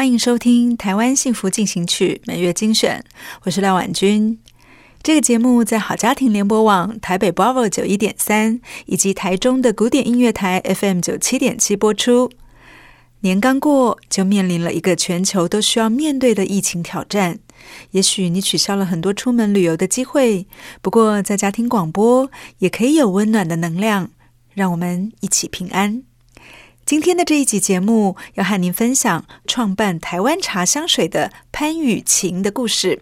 歡迎收聽《台灣幸福進行曲》每月精選，我是廖婉君。這個節目在好家庭聯播網台北 BRAVO 九一點三，以及台中的古典音樂台 FM 九七點七播出。年剛過，就面臨了一個全球都需要面對的疫情挑戰。也許你取消了很多出門旅遊的機會，不過在家聽廣播也可以有溫暖的能量。讓我們一起平安。今天的這一集節目，要和您分享創辦台灣茶香水的潘雨晴的故事。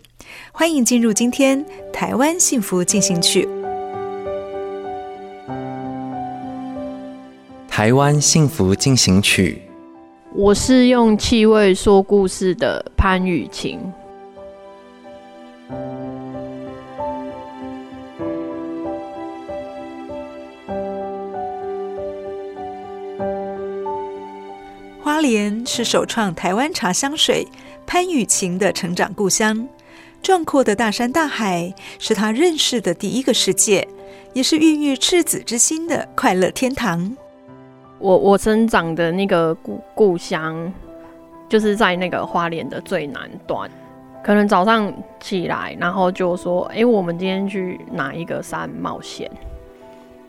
歡迎進入今天《台灣幸福進行曲》。《台灣幸福進行曲》，我是用氣味說故事的潘雨晴。花蓮是首創台灣茶香水、潘雨晴的成長故鄉，壯闊的大山大海是他認識的第一個世界，也是孕育赤子之心的快樂天堂我。我我生長的那個故故鄉，就是在那個花蓮的最南端。可能早上起來，然後就說：“哎、欸，我們今天去哪一個山冒險？”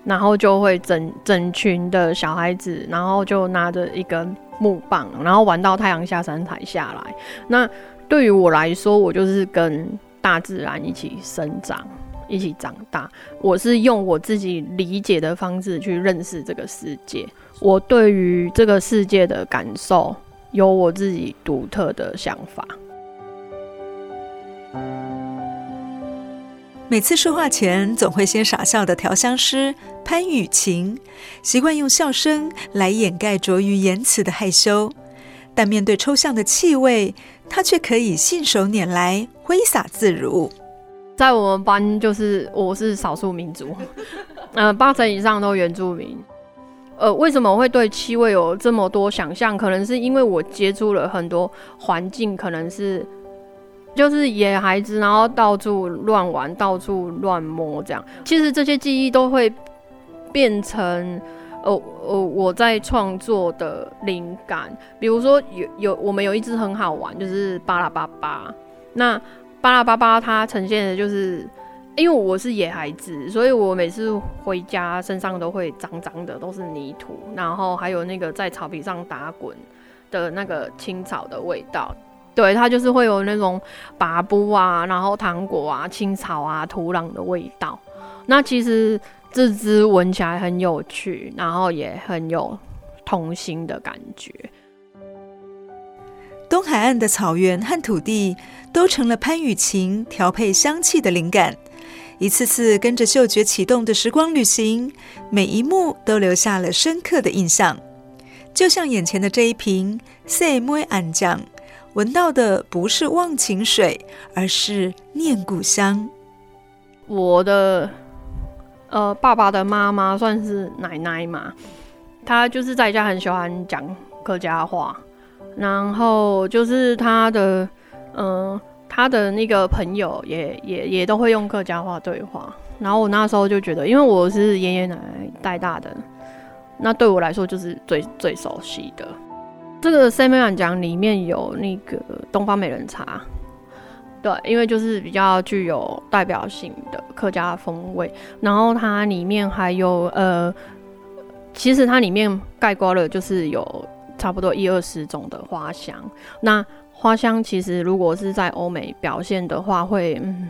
然後就會整整群的小孩子，然後就拿着一根。木棒，然後玩到太陽下山才下來。那對於我來說，我就是跟大自然一起生長、一起長大。我是用我自己理解的方式去認識這個世界。我對於這個世界的感受，有我自己獨特的想法。每次說話前，總會先傻笑的調香師潘雨晴，習慣用笑聲來掩蓋拙於言辭的害羞。但面對抽象的氣味，她卻可以信手拈來，揮灑自如。在我們班，就是我是少數民族，嗯、呃，八成以上都原住民。呃，為什麼我會對氣味有這麼多想象？可能是因為我接觸了很多環境，可能是。就是野孩子，然後到處亂玩，到處亂摸這樣。其實這些記憶都會變成哦哦、呃呃，我在創作的靈感。比如說有有，我們有一只很好玩，就是巴拉巴巴。那巴拉巴巴它呈現的就是，因為我是野孩子，所以我每次回家身上都會髒髒的，都是泥土，然後還有那個在草皮上打滾的那個青草的味道。對，它就是會有那種拔布啊，然後糖果啊、青草啊、土壤的味道。那其實這支聞起來很有趣，然後也很有童心的感覺。東海岸的草原和土地都成了潘雨晴調配香氣的靈感。一次次跟着嗅覺啟動的時光旅行，每一幕都留下了深刻的印象。就像眼前的這一瓶 CM 醬。聞到的不是忘情水，而是念故鄉。我的，呃，爸爸的媽媽算是奶奶嘛，她就是在家很喜歡講客家話，然後就是她的，嗯、呃，她的那個朋友也也也都會用客家話對話。然後我那時候就覺得，因為我是爺爺奶奶帶大的，那對我來說就是最最熟悉的。這個三明獎裡面有那個東方美人茶，對，因為就是比較具有代表性的客家風味。然後它裡面還有呃，其實它裡面概括了就是有差不多一二十種的花香。那花香其實如果是在歐美表現的話會，會嗯，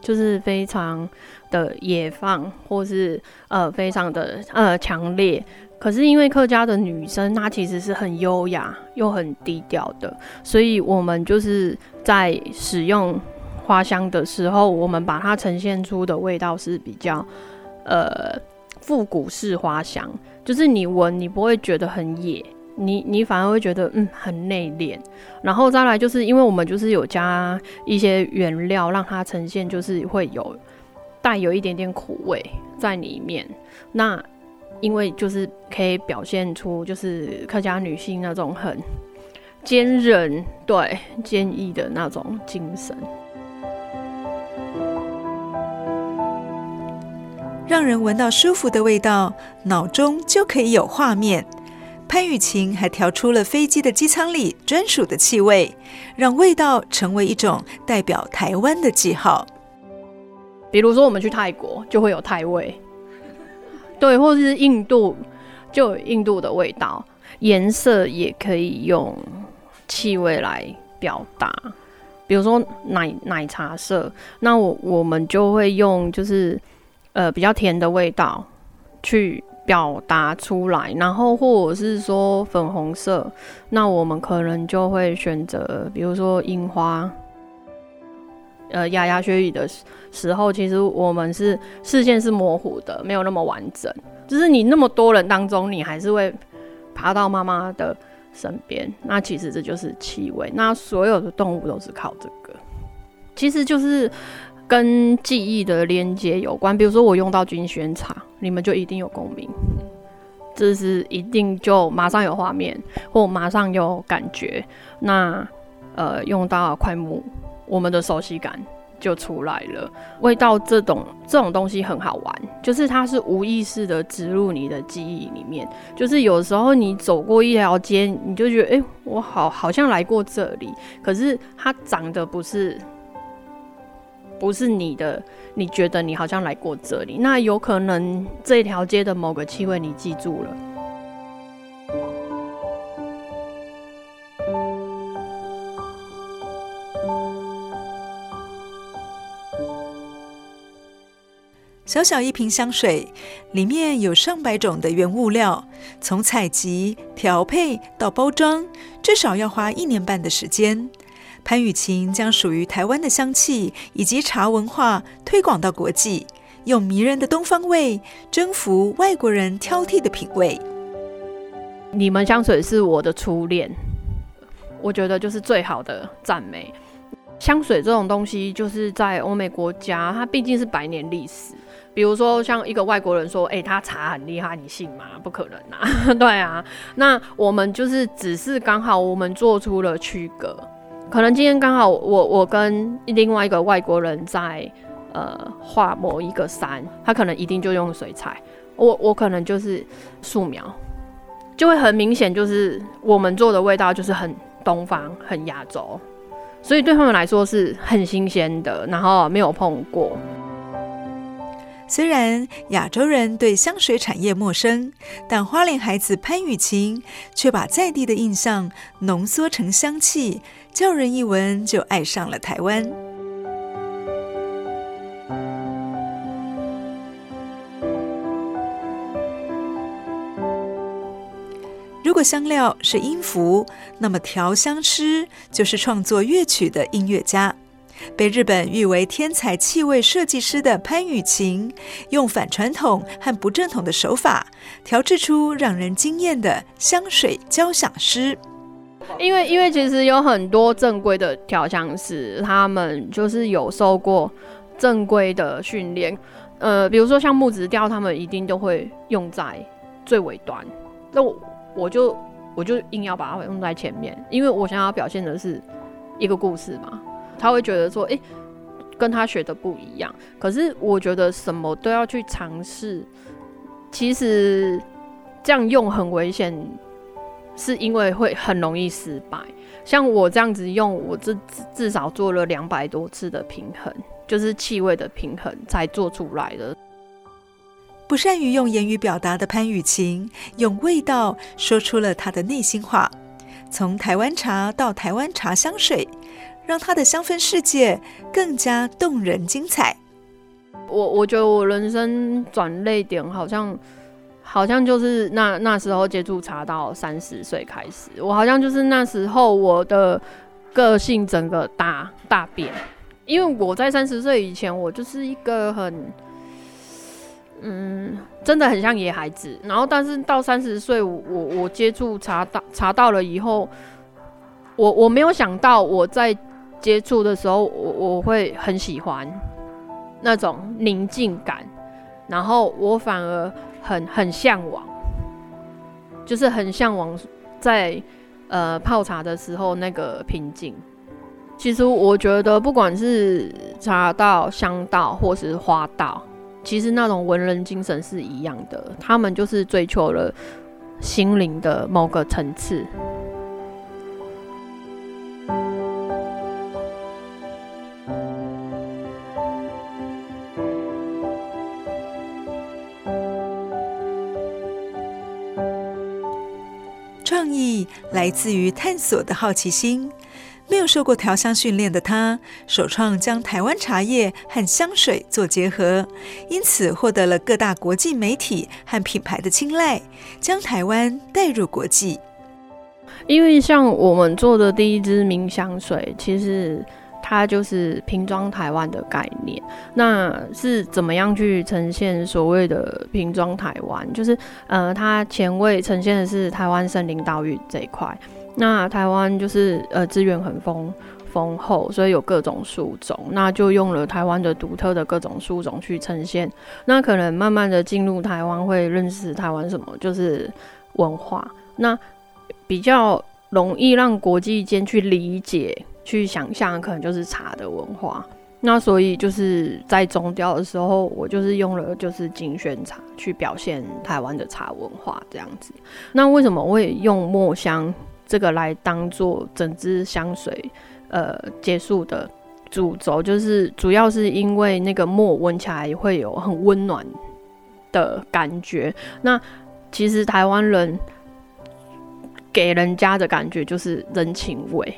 就是非常的野放，或是呃非常的呃強烈。可是因為客家的女生，她其實是很優雅又很低調的，所以我們就是在使用花香的時候，我們把它呈現出的味道是比較，呃，復古式花香，就是你聞你不會覺得很野，你你反而會覺得嗯很內斂。然後再來就是因為我們就是有加一些原料，讓它呈現就是會有帶有一點點苦味在裡面，那。因為就是可以表現出就是客家女性那種很堅韌、對堅毅的那種精神，讓人聞到舒服的味道，腦中就可以有畫面。潘雨晴還調出了飛機的機艙裡專屬的氣味，讓味道成為一種代表台灣的記號。比如說，我們去泰國就會有泰味。對，或者是印度，就有印度的味道，顏色也可以用氣味來表達。比如說奶奶茶色，那我我們就會用就是呃比較甜的味道去表達出來，然後或者是說粉紅色，那我們可能就會選擇比如說櫻花。呃，牙牙學語的時候，其實我們是視線是模糊的，沒有那麼完整。就是你那麼多人當中，你還是會爬到媽媽的身邊。那其實這就是氣味。那所有的動物都是靠這個，其實就是跟記憶的連接有關。比如說我用到金萱茶，你們就一定有共鳴。這是一定就馬上有畫面，或馬上有感覺。那呃，用到檜木。我們的熟悉感就出來了。味道這種這種東西很好玩，就是它是無意識的植入你的記憶裡面。就是有時候你走過一條街，你就覺得哎、欸，我好好像來過這裡，可是它長得不是不是你的，你覺得你好像來過這裡，那有可能這條街的某個氣味你記住了。嗯小小一瓶香水，裡面有上百種的原物料，從採集、調配到包裝，至少要花一年半的時間。潘雨晴將屬於台灣的香氣以及茶文化推廣到國際，用迷人的東方味征服外國人挑剔的品味。你們香水是我的初戀，我覺得就是最好的讚美。香水這種東西就是在歐美國家，它畢竟是百年歷史。比如說，像一個外國人說：“誒、欸，他茶很厲害，你信嗎？”不可能啊，對啊。那我們就是只是剛好，我們做出了區隔。可能今天剛好我我跟另外一個外國人在呃畫某一個山，他可能一定就用水彩，我我可能就是素描，就會很明顯就是我們做的味道就是很東方、很亞洲，所以對他們來說是很新鮮的，然後沒有碰過。雖然亞洲人對香水產業陌生，但花蓮孩子潘雨晴卻把在地的印象濃縮成香氣，叫人一聞就愛上了台灣。如果香料是音符，那麼調香師就是創作樂曲的音樂家。被日本譽為天才氣味設計師的潘雨晴，用反傳統和不正統的手法調制出讓人驚豔的香水交響詩。因為，因為其實有很多正規的調香師，他們就是有受過正規的訓練。呃，比如說像木質調，他們一定都會用在最尾端。那我，我就我就硬要把它用在前面，因為我想要表現的是一個故事嘛。他會覺得說：“誒、欸，跟他學的不一樣。”可是我覺得什麼都要去嘗試。其實這樣用很危險，是因為會很容易失敗。像我這樣子用，我這至少做了兩百多次的平衡，就是氣味的平衡才做出來的。不善於用言語表達的潘雨晴，用味道說出了他的內心話。從台灣茶到台灣茶香水。讓他的香氛世界更加動人精彩。我我覺得我人生轉捩點好像，好像就是那那時候接觸茶到三十歲開始，我好像就是那時候我的個性整個大大變，因為我在三十歲以前我就是一個很嗯，真的很像野孩子。然後但是到三十歲我我接觸茶到茶到了以後，我我沒有想到我在。接觸的時候，我我會很喜歡那種寧靜感，然後我反而很很向往，就是很向往在呃泡茶的時候那個平靜。其實我覺得，不管是茶道、香道或是花道，其實那種文人精神是一樣的，他們就是追求了心靈的某個層次。意來自於探索的好奇心，沒有受過調香訓練的她，首創將台灣茶葉和香水做結合，因此獲得了各大國際媒體和品牌的青睞，將台灣帶入國際。因為像我們做的第一支名香水，其實。它就是瓶裝台灣的概念，那是怎麼樣去呈現所謂的瓶裝台灣？就是呃，它前衛呈現的是台灣森林島嶼這一塊。那台灣就是呃資源很豐豐厚，所以有各種樹種，那就用了台灣的獨特的各種樹種去呈現。那可能慢慢的進入台灣會認識台灣什麼，就是文化，那比較容易讓國際間去理解。去想象的可能就是茶的文化，那所以就是在中調的時候，我就是用了就是精選茶去表現台灣的茶文化這樣子。那為什麼我也用墨香這個來當做整支香水呃結束的主軸？就是主要是因為那個墨聞起來會有很溫暖的感覺。那其實台灣人給人家的感覺就是人情味。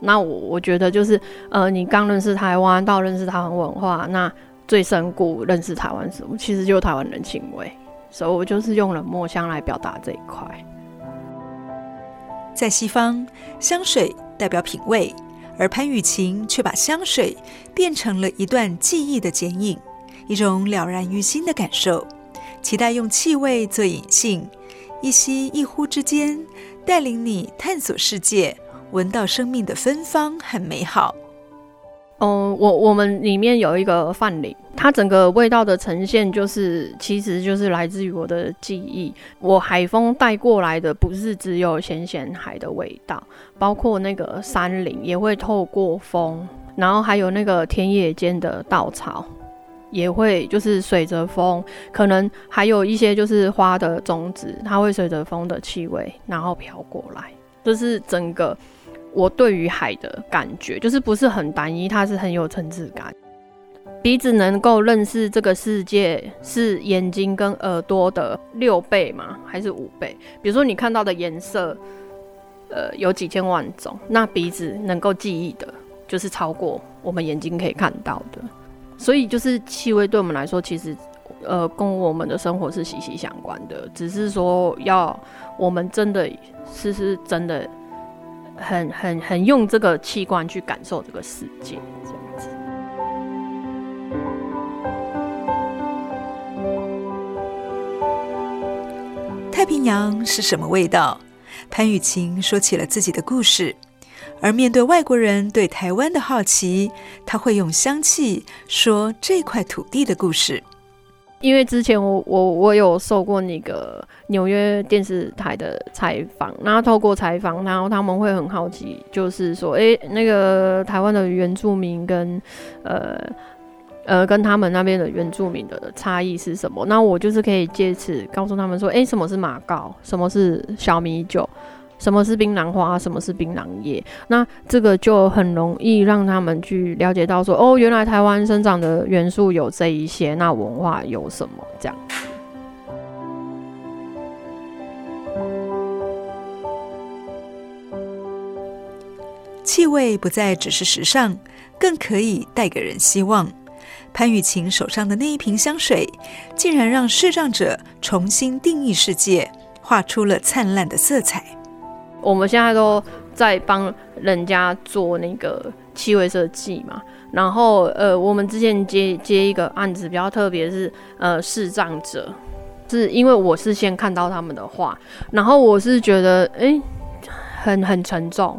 那我我覺得就是，呃，你剛認識台灣，到認識台灣文化，那最深固認識台灣什麼？其實就是台灣人情味，所以，我就是用了墨香來表達這一塊。在西方，香水代表品味，而潘雨晴卻把香水變成了一段記憶的剪影，一種了然於心的感受。期待用氣味做引信，一吸一呼之間，帶領你探索世界。聞到生命的芬芳，很美好。嗯，我我們裡面有一個範林，它整個味道的呈現就是，其實就是來自於我的記憶。我海風帶過來的，不是只有鹹鹹海的味道，包括那個山林也會透過風，然後還有那個田野間的稻草也會就是隨着風，可能還有一些就是花的種子，它會隨着風的氣味然後飄過來，這、就是整個。我對於海的感覺，就是不是很單一，它是很有層次感。鼻子能夠認識這個世界，是眼睛跟耳朵的六倍嗎？還是五倍？比如說你看到的顏色，呃，有幾千萬種，那鼻子能夠記憶的，就是超過我們眼睛可以看到的。所以，就是氣味對我們來說，其實，呃，跟我們的生活是息息相關的。只是說，要我們真的是是真的。很很很用這個器官去感受這個世界，這樣子。太平洋是什麼味道？潘雨晴說起了自己的故事，而面對外國人對台灣的好奇，她會用香氣說這塊土地的故事。因為之前我我我有受過那個紐約電視台的採訪，然後透過採訪，然後他們會很好奇，就是說，誒、欸，那個台灣的原住民跟呃呃跟他們那邊的原住民的差異是什麼？那我就是可以借此告訴他們說，誒、欸，什麼是馬告，什麼是小米酒。什麼是檳榔花？什麼是檳榔葉？那這個就很容易讓他們去了解到說，說哦，原來台灣生長的元素有這一些，那文化有什麼這樣子？氣味不再只是時尚，更可以帶給人希望。潘雨晴手上的那一瓶香水，竟然讓視障者重新定義世界，畫出了燦爛的色彩。我們現在都在幫人家做那個氣味設計嘛，然後呃，我們之前接接一個案子比較特別是，是呃視障者，是因為我是先看到他們的畫，然後我是覺得誒、欸，很很沉重，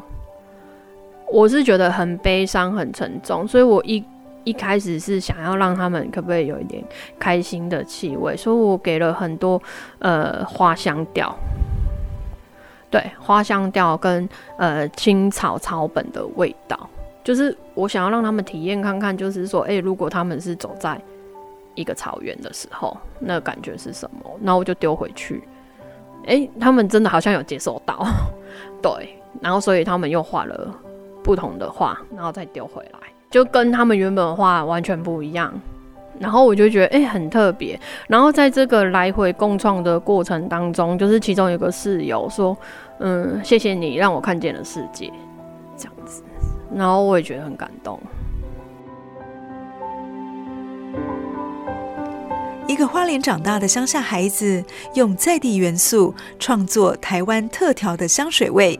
我是覺得很悲傷、很沉重，所以我一一開始是想要讓他們可不可以有一點開心的氣味，所以我給了很多呃花香調。對，花香調跟呃青草草本的味道，就是我想要讓他們體驗看看，就是說，誒、欸，如果他們是走在一個草原的時候，那個、感覺是什麼？然後我就丟回去。誒、欸，他們真的好像有接受到， 對。然後，所以他們又畫了不同的畫，然後再丟回來，就跟他們原本畫完全不一樣。然後我就覺得，誒、欸，很特別。然後在這個來回共創的過程當中，就是其中一個室友說。嗯，謝謝你讓我看見了世界，這樣子，然後我也覺得很感動。一個花蓮長大的鄉下孩子，用在地元素創作台灣特調的香水味，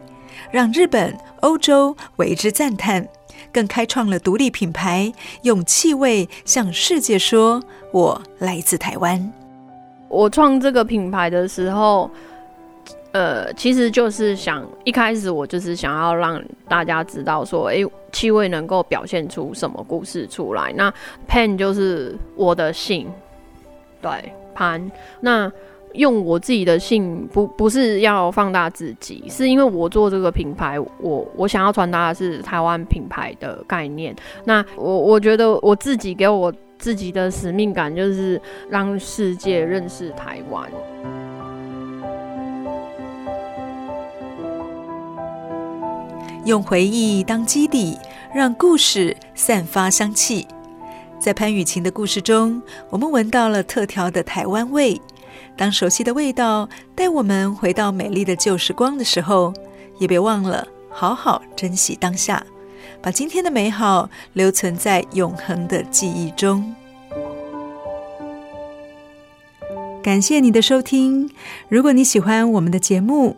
讓日本、歐洲為之讚嘆，更開創了獨立品牌，用氣味向世界說，我來自台灣。我創這個品牌的時候。呃，其實就是想一開始我就是想要讓大家知道說，誒、欸，氣味能夠表現出什麼故事出來。那 Pan 就是我的姓，對 Pan。那用我自己的姓不，不不是要放大自己，是因為我做這個品牌，我我想要傳達的是台灣品牌的概念。那我我覺得我自己給我自己的使命感就是讓世界認識台灣。用回憶當基底，讓故事散發香氣。在潘雨晴的故事中，我們聞到了特調的台灣味。當熟悉的味道帶我們回到美麗的舊時光的時候，也別忘了好好珍惜當下，把今天的美好留存在永恆的記憶中。感謝你的收聽。如果你喜歡我們的節目，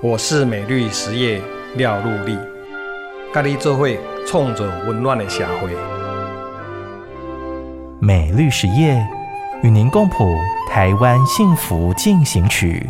我是美律實業廖陸力，甲你做會創造溫暖的社會。美律實業與您共譜台灣幸福進行曲。